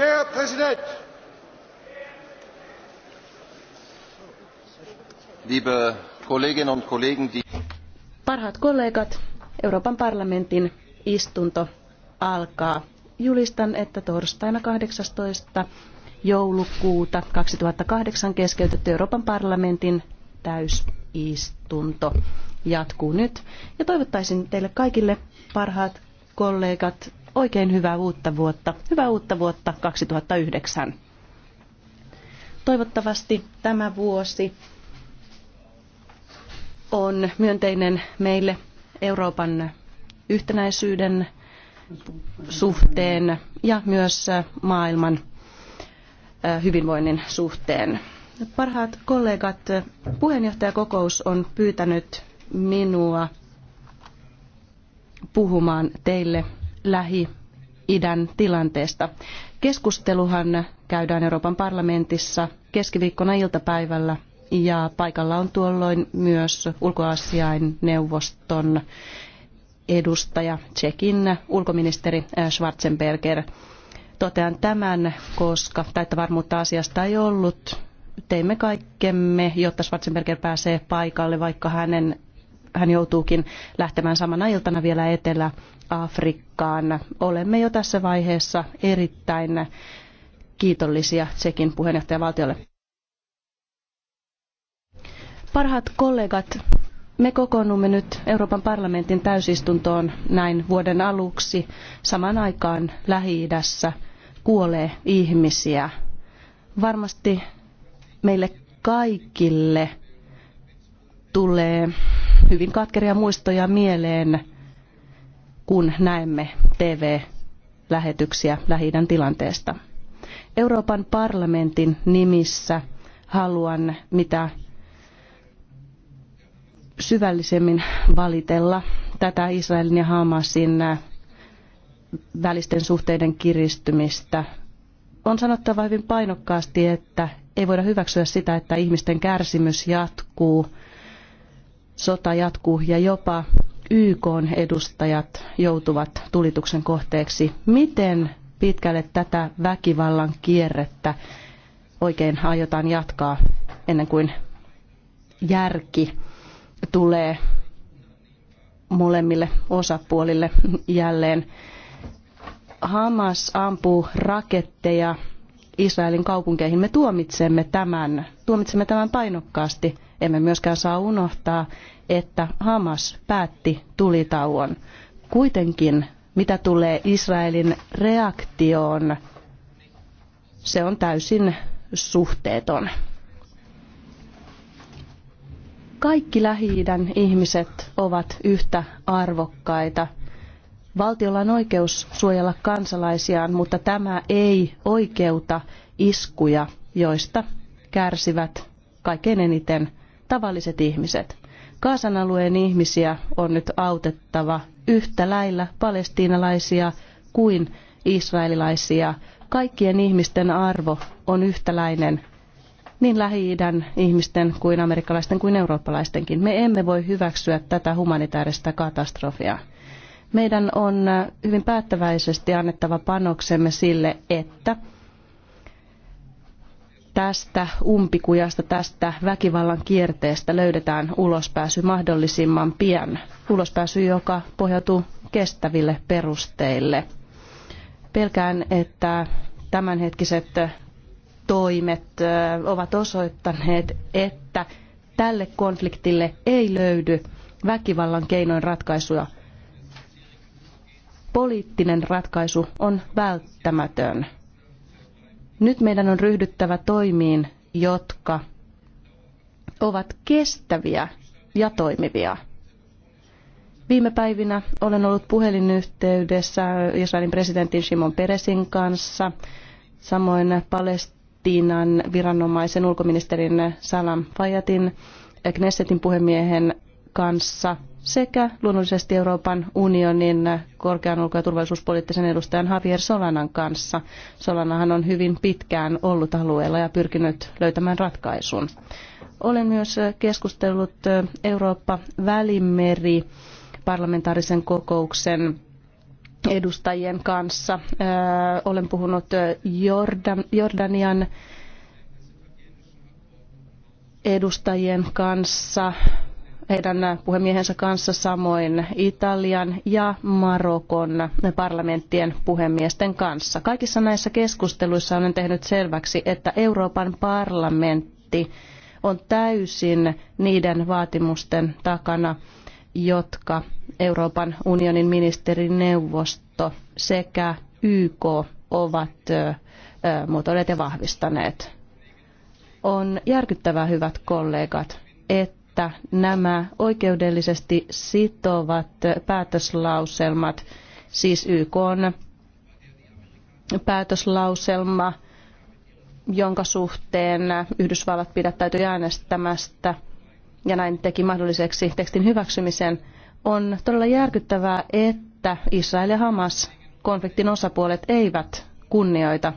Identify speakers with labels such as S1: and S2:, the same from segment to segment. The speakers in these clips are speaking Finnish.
S1: Der Präsident! Liebe Kolleginnen und Kollegen, die Parhaat kollegat, Euroopan parlamentin istunto alkaa. Julistan, että torstaina 18. joulukuuta 2008 keskeytetty Euroopan parlamentin täysistunto jatkuu nyt. Ja toivottaisin teille kaikille parhaat kollegat Oikein hyvää uutta vuotta. Hyvää uutta vuotta 2009. Toivottavasti tämä vuosi on myönteinen meille Euroopan yhtenäisyyden suhteen ja myös maailman hyvinvoinnin suhteen. Parhaat kollegat, puheenjohtajakokous on pyytänyt minua puhumaan teille Lähi-idän tilanteesta. Keskusteluhan käydään Euroopan parlamentissa keskiviikkona iltapäivällä ja paikalla on tuolloin myös ulkoasiain neuvoston edustaja Tsekin ulkoministeri eh, Schwarzenberger. Totean tämän, koska täyttä varmuutta asiasta ei ollut. Teimme kaikkemme, jotta Schwarzenberger pääsee paikalle, vaikka hänen hän joutuukin lähtemään samana iltana vielä Etelä-Afrikkaan. Olemme jo tässä vaiheessa erittäin kiitollisia Tsekin puheenjohtajavaltiolle. Parhaat kollegat, me kokoonnumme nyt Euroopan parlamentin täysistuntoon näin vuoden aluksi. Samaan aikaan lähi kuolee ihmisiä. Varmasti meille kaikille tulee hyvin katkeria muistoja mieleen, kun näemme TV-lähetyksiä lähi tilanteesta. Euroopan parlamentin nimissä haluan mitä syvällisemmin valitella tätä Israelin ja Hamasin äh, välisten suhteiden kiristymistä. On sanottava hyvin painokkaasti, että ei voida hyväksyä sitä, että ihmisten kärsimys jatkuu sota jatkuu ja jopa YK edustajat joutuvat tulituksen kohteeksi. Miten pitkälle tätä väkivallan kierrettä oikein aiotaan jatkaa ennen kuin järki tulee molemmille osapuolille jälleen. Hamas ampuu raketteja Israelin kaupunkeihin. Me tuomitsemme tämän, tuomitsemme tämän painokkaasti emme myöskään saa unohtaa, että Hamas päätti tulitauon. Kuitenkin, mitä tulee Israelin reaktioon, se on täysin suhteeton. Kaikki lähi ihmiset ovat yhtä arvokkaita. Valtiolla on oikeus suojella kansalaisiaan, mutta tämä ei oikeuta iskuja, joista kärsivät kaikkein eniten tavalliset ihmiset. Kaasan alueen ihmisiä on nyt autettava yhtä lailla palestiinalaisia kuin israelilaisia. Kaikkien ihmisten arvo on yhtäläinen niin Lähi-idän ihmisten kuin amerikkalaisten kuin eurooppalaistenkin. Me emme voi hyväksyä tätä humanitaarista katastrofia. Meidän on äh, hyvin päättäväisesti annettava panoksemme sille, että tästä umpikujasta, tästä väkivallan kierteestä löydetään ulospääsy mahdollisimman pian. Ulospääsy, joka pohjautuu kestäville perusteille. Pelkään, että tämänhetkiset toimet ovat osoittaneet, että tälle konfliktille ei löydy väkivallan keinoin ratkaisuja. Poliittinen ratkaisu on välttämätön. Nyt meidän on ryhdyttävä toimiin, jotka ovat kestäviä ja toimivia. Viime päivinä olen ollut puhelinyhteydessä Israelin presidentin Simon Peresin kanssa, samoin Palestiinan viranomaisen ulkoministerin Salam Fayatin, Knessetin puhemiehen kanssa – sekä luonnollisesti Euroopan unionin korkean ulko- ja turvallisuuspoliittisen edustajan Javier Solanan kanssa. Solanahan on hyvin pitkään ollut alueella ja pyrkinyt löytämään ratkaisun. Olen myös keskustellut Eurooppa-välimeri parlamentaarisen kokouksen edustajien kanssa. Olen puhunut Jordan, Jordanian edustajien kanssa heidän puhemiehensä kanssa samoin Italian ja Marokon parlamenttien puhemiesten kanssa. Kaikissa näissä keskusteluissa olen tehnyt selväksi, että Euroopan parlamentti on täysin niiden vaatimusten takana, jotka Euroopan unionin ministerineuvosto sekä YK ovat muotoilleet ja vahvistaneet. On järkyttävää, hyvät kollegat, että että nämä oikeudellisesti sitovat päätöslauselmat, siis YK on päätöslauselma, jonka suhteen Yhdysvallat pidättäytyi äänestämästä ja näin teki mahdolliseksi tekstin hyväksymisen, on todella järkyttävää, että Israel ja Hamas, konfliktin osapuolet, eivät kunnioita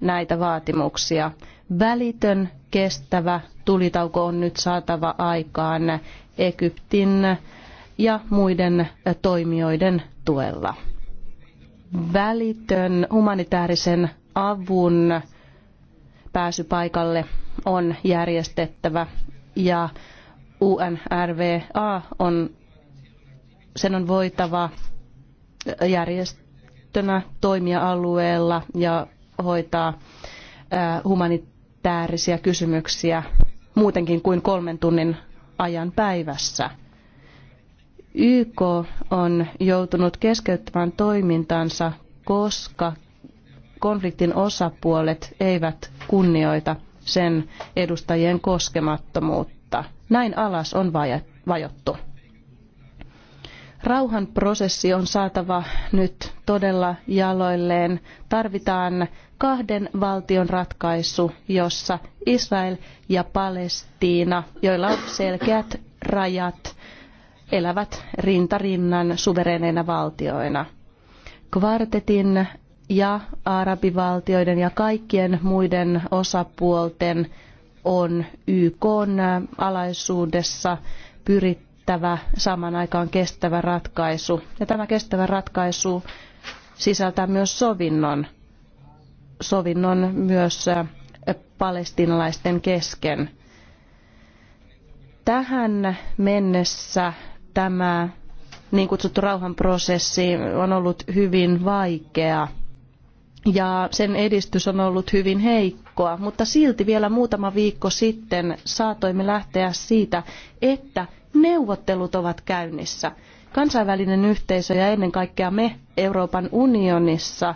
S1: näitä vaatimuksia. Välitön, kestävä tulitauko on nyt saatava aikaan Egyptin ja muiden toimijoiden tuella. Välitön humanitaarisen avun pääsy paikalle on järjestettävä ja UNRWA on, sen on voitava järjestönä toimia alueella ja hoitaa humanitaarisia kysymyksiä muutenkin kuin kolmen tunnin ajan päivässä. YK on joutunut keskeyttämään toimintansa, koska konfliktin osapuolet eivät kunnioita sen edustajien koskemattomuutta. Näin alas on vajottu. Rauhanprosessi on saatava nyt todella jaloilleen. Tarvitaan kahden valtion ratkaisu, jossa Israel ja Palestiina, joilla on selkeät rajat, elävät rintarinnan suvereineina valtioina. Kvartetin ja arabivaltioiden ja kaikkien muiden osapuolten on YK alaisuudessa pyritty pyrittävä saman aikaan kestävä ratkaisu. Ja tämä kestävä ratkaisu sisältää myös sovinnon, sovinnon myös palestinalaisten kesken. Tähän mennessä tämä niin kutsuttu rauhanprosessi on ollut hyvin vaikea ja sen edistys on ollut hyvin heikkoa, mutta silti vielä muutama viikko sitten saatoimme lähteä siitä, että neuvottelut ovat käynnissä. Kansainvälinen yhteisö ja ennen kaikkea me Euroopan unionissa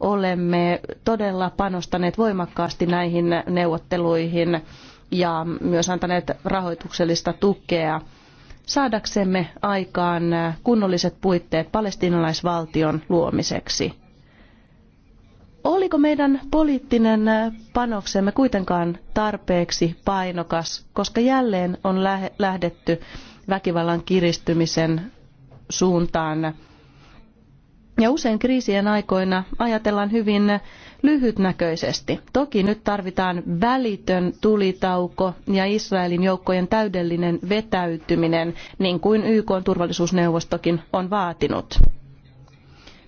S1: olemme todella panostaneet voimakkaasti näihin neuvotteluihin ja myös antaneet rahoituksellista tukea saadaksemme aikaan kunnolliset puitteet palestiinalaisvaltion luomiseksi Oliko meidän poliittinen äh, panoksemme kuitenkaan tarpeeksi painokas, koska jälleen on lähdetty väkivallan kiristymisen suuntaan? Ja usein kriisien aikoina ajatellaan hyvin lyhytnäköisesti. Toki nyt tarvitaan välitön tulitauko ja Israelin joukkojen täydellinen vetäytyminen, niin kuin YK turvallisuusneuvostokin on vaatinut.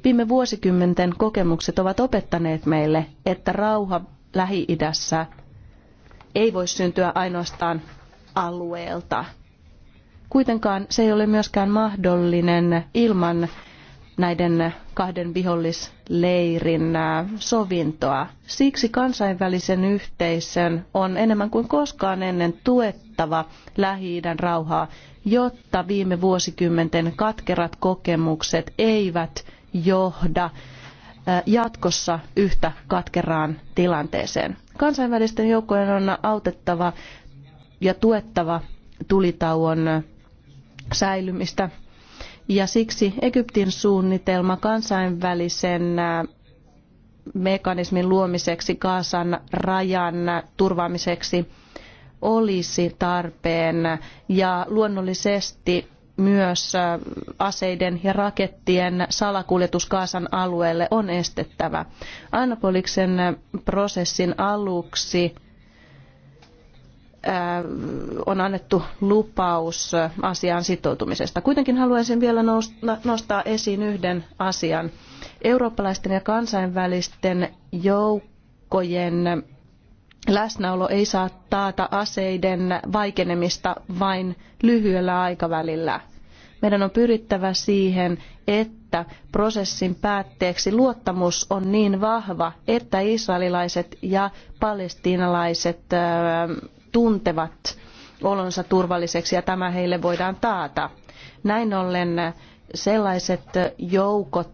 S1: Viime vuosikymmenten kokemukset ovat opettaneet meille, että rauha Lähi-idässä ei voi syntyä ainoastaan alueelta. Kuitenkaan se ei ole myöskään mahdollinen ilman näiden kahden vihollisleirin sovintoa. Siksi kansainvälisen yhteisön on enemmän kuin koskaan ennen tuettava Lähi-idän rauhaa, jotta viime vuosikymmenten katkerat kokemukset eivät johda jatkossa yhtä katkeraan tilanteeseen. Kansainvälisten joukkojen on autettava ja tuettava tulitauon säilymistä. Ja siksi Egyptin suunnitelma kansainvälisen mekanismin luomiseksi Kaasan rajan turvaamiseksi olisi tarpeen ja luonnollisesti myös äh, aseiden ja rakettien salakuljetus Kaasan alueelle on estettävä. Annapoliksen äh, prosessin aluksi äh, on annettu lupaus asiaan sitoutumisesta. Kuitenkin haluaisin vielä nostaa esiin yhden asian. Eurooppalaisten ja kansainvälisten joukkojen läsnäolo ei saa taata aseiden vaikenemista vain lyhyellä aikavälillä. Meidän on pyrittävä siihen, että prosessin päätteeksi luottamus on niin vahva, että israelilaiset ja palestiinalaiset tuntevat olonsa turvalliseksi ja tämä heille voidaan taata. Näin ollen sellaiset joukot,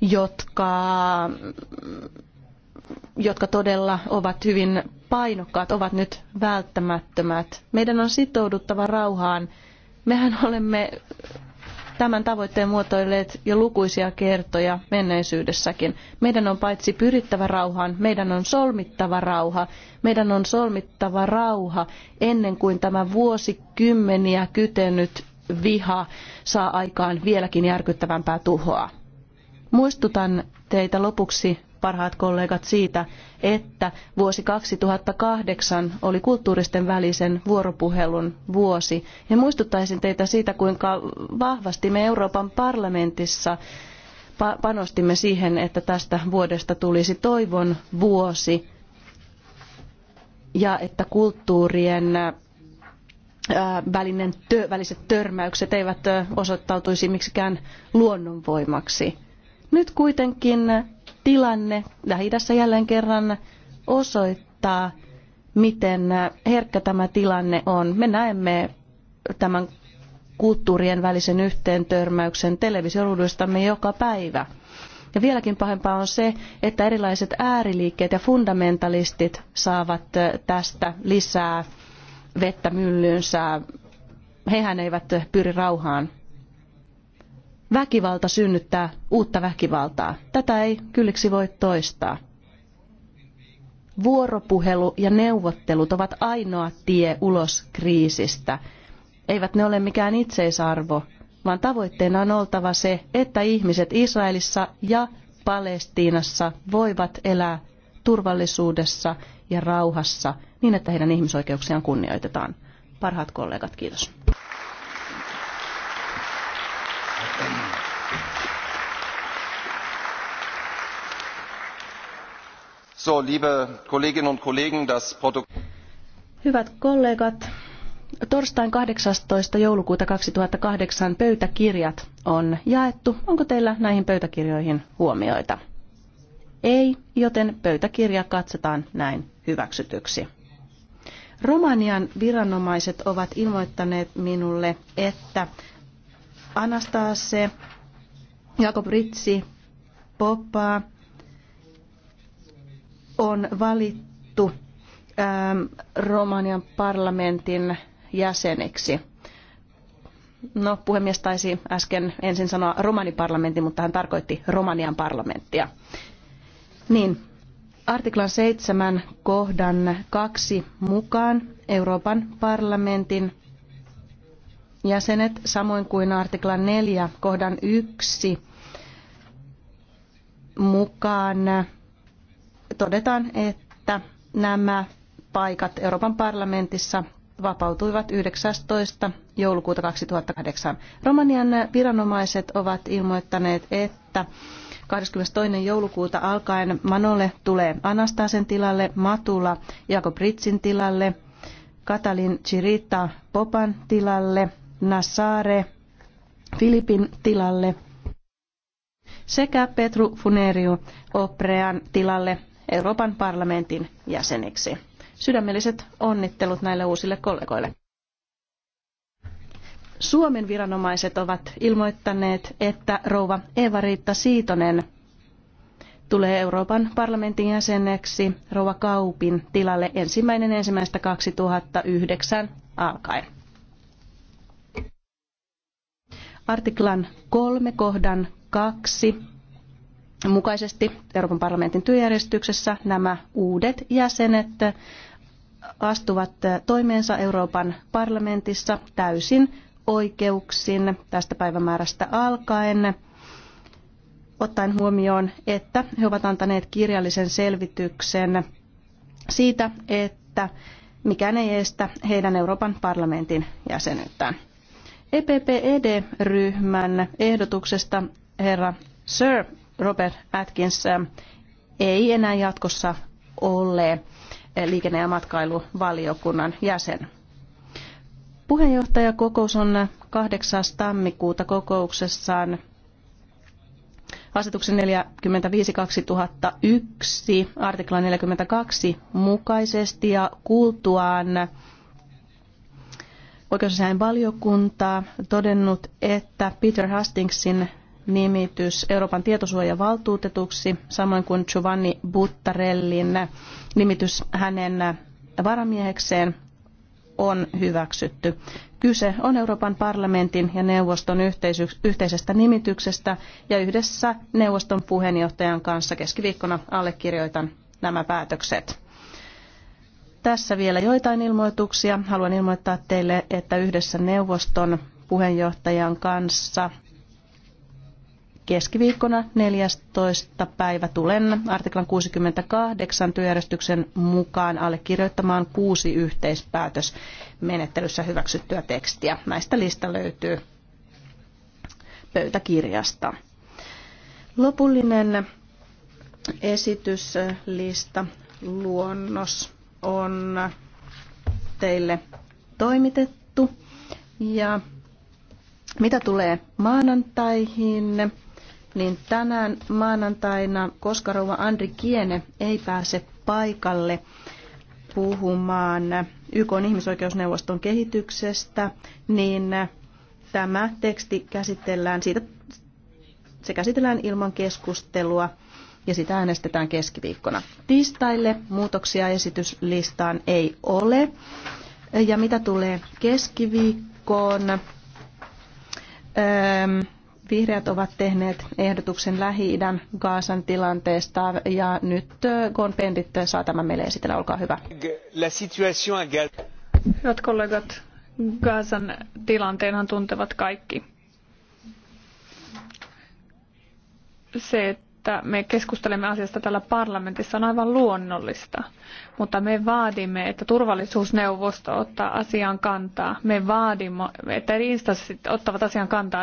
S1: jotka, jotka todella ovat hyvin painokkaat, ovat nyt välttämättömät. Meidän on sitouduttava rauhaan Mehän olemme tämän tavoitteen muotoilleet jo lukuisia kertoja menneisyydessäkin. Meidän on paitsi pyrittävä rauhaan, meidän on solmittava rauha. Meidän on solmittava rauha ennen kuin tämä vuosikymmeniä kytenyt viha saa aikaan vieläkin järkyttävämpää tuhoa. Muistutan teitä lopuksi parhaat kollegat siitä, että vuosi 2008 oli kulttuuristen välisen vuoropuhelun vuosi. Ja muistuttaisin teitä siitä, kuinka vahvasti me Euroopan parlamentissa panostimme siihen, että tästä vuodesta tulisi toivon vuosi ja että kulttuurien välinen, väliset törmäykset eivät osoittautuisi miksikään luonnonvoimaksi. Nyt kuitenkin tilanne lähi jälleen kerran osoittaa, miten herkkä tämä tilanne on. Me näemme tämän kulttuurien välisen yhteentörmäyksen televisioruuduistamme joka päivä. Ja vieläkin pahempaa on se, että erilaiset ääriliikkeet ja fundamentalistit saavat tästä lisää vettä myllyynsä. Hehän eivät pyri rauhaan väkivalta synnyttää uutta väkivaltaa. Tätä ei kylliksi voi toistaa. Vuoropuhelu ja neuvottelut ovat ainoa tie ulos kriisistä. Eivät ne ole mikään itseisarvo, vaan tavoitteena on oltava se, että ihmiset Israelissa ja Palestiinassa voivat elää turvallisuudessa ja rauhassa niin, että heidän ihmisoikeuksiaan kunnioitetaan. Parhaat kollegat, kiitos. So, liebe Kolleginnen und Kollegen, das Hyvät kollegat, torstain 18. joulukuuta 2008 pöytäkirjat on jaettu. Onko teillä näihin pöytäkirjoihin huomioita? Ei, joten pöytäkirja katsotaan näin hyväksytyksi. Romanian viranomaiset ovat ilmoittaneet minulle, että Anastase, Jakob Ritsi, Poppa, on valittu ähm, Romanian parlamentin jäseneksi. No, puhemies taisi äsken ensin sanoa romaniparlamentti, mutta hän tarkoitti Romanian parlamenttia. Niin, artiklan 7 kohdan 2 mukaan Euroopan parlamentin jäsenet, samoin kuin artiklan 4 kohdan 1 mukaan todetaan, että nämä paikat Euroopan parlamentissa vapautuivat 19. joulukuuta 2008. Romanian viranomaiset ovat ilmoittaneet, että 22. joulukuuta alkaen Manolle tulee Anastasen tilalle, Matula Jakob Ritsin tilalle, Katalin Chirita Popan tilalle, Nassare Filipin tilalle sekä Petru Funeriu Oprean tilalle Euroopan parlamentin jäseniksi. Sydämelliset onnittelut näille uusille kollegoille. Suomen viranomaiset ovat ilmoittaneet, että rouva eva riitta Siitonen tulee Euroopan parlamentin jäseneksi rouva Kaupin tilalle ensimmäinen ensimmäistä 2009 alkaen. Artiklan kolme kohdan kaksi mukaisesti Euroopan parlamentin työjärjestyksessä nämä uudet jäsenet astuvat toimeensa Euroopan parlamentissa täysin oikeuksin tästä päivämäärästä alkaen, ottaen huomioon, että he ovat antaneet kirjallisen selvityksen siitä, että mikään ei estä heidän Euroopan parlamentin jäsenyyttään. EPP-ED-ryhmän ehdotuksesta herra Sir Robert Atkins ähm, ei enää jatkossa ole äh, liikenne- ja matkailuvaliokunnan jäsen. Puheenjohtajakokous on 8. tammikuuta kokouksessaan asetuksen 45-2001 artikla 42 mukaisesti ja kuultuaan oikeusasiain valiokuntaa todennut, että Peter Hastingsin nimitys Euroopan tietosuojavaltuutetuksi, samoin kuin Giovanni Buttarellin nimitys hänen varamiehekseen on hyväksytty. Kyse on Euroopan parlamentin ja neuvoston yhteisestä nimityksestä ja yhdessä neuvoston puheenjohtajan kanssa keskiviikkona allekirjoitan nämä päätökset. Tässä vielä joitain ilmoituksia. Haluan ilmoittaa teille, että yhdessä neuvoston puheenjohtajan kanssa keskiviikkona 14. päivä tulen artiklan 68 työjärjestyksen mukaan allekirjoittamaan kuusi yhteispäätösmenettelyssä hyväksyttyä tekstiä. Näistä lista löytyy pöytäkirjasta. Lopullinen esityslista luonnos on teille toimitettu ja mitä tulee maanantaihin, niin tänään maanantaina, koska rouva Andri Kiene ei pääse paikalle puhumaan YK ihmisoikeusneuvoston kehityksestä, niin tämä teksti käsitellään, siitä, se käsitellään ilman keskustelua ja sitä äänestetään keskiviikkona. Tiistaille muutoksia esityslistaan ei ole. Ja mitä tulee keskiviikkoon? Öö, Vihreät ovat tehneet ehdotuksen Lähi-idän Gaasan tilanteesta ja nyt äh, Gon Pendit saa tämän meille esitellä. Olkaa hyvä. Hyvät kollegat, Gaasan tilanteenhan tuntevat kaikki. Se, että me keskustelemme asiasta täällä parlamentissa on aivan luonnollista, mutta me vaadimme, että turvallisuusneuvosto ottaa asian kantaa. Me vaadimme, että eri instanssit ottavat asian kantaa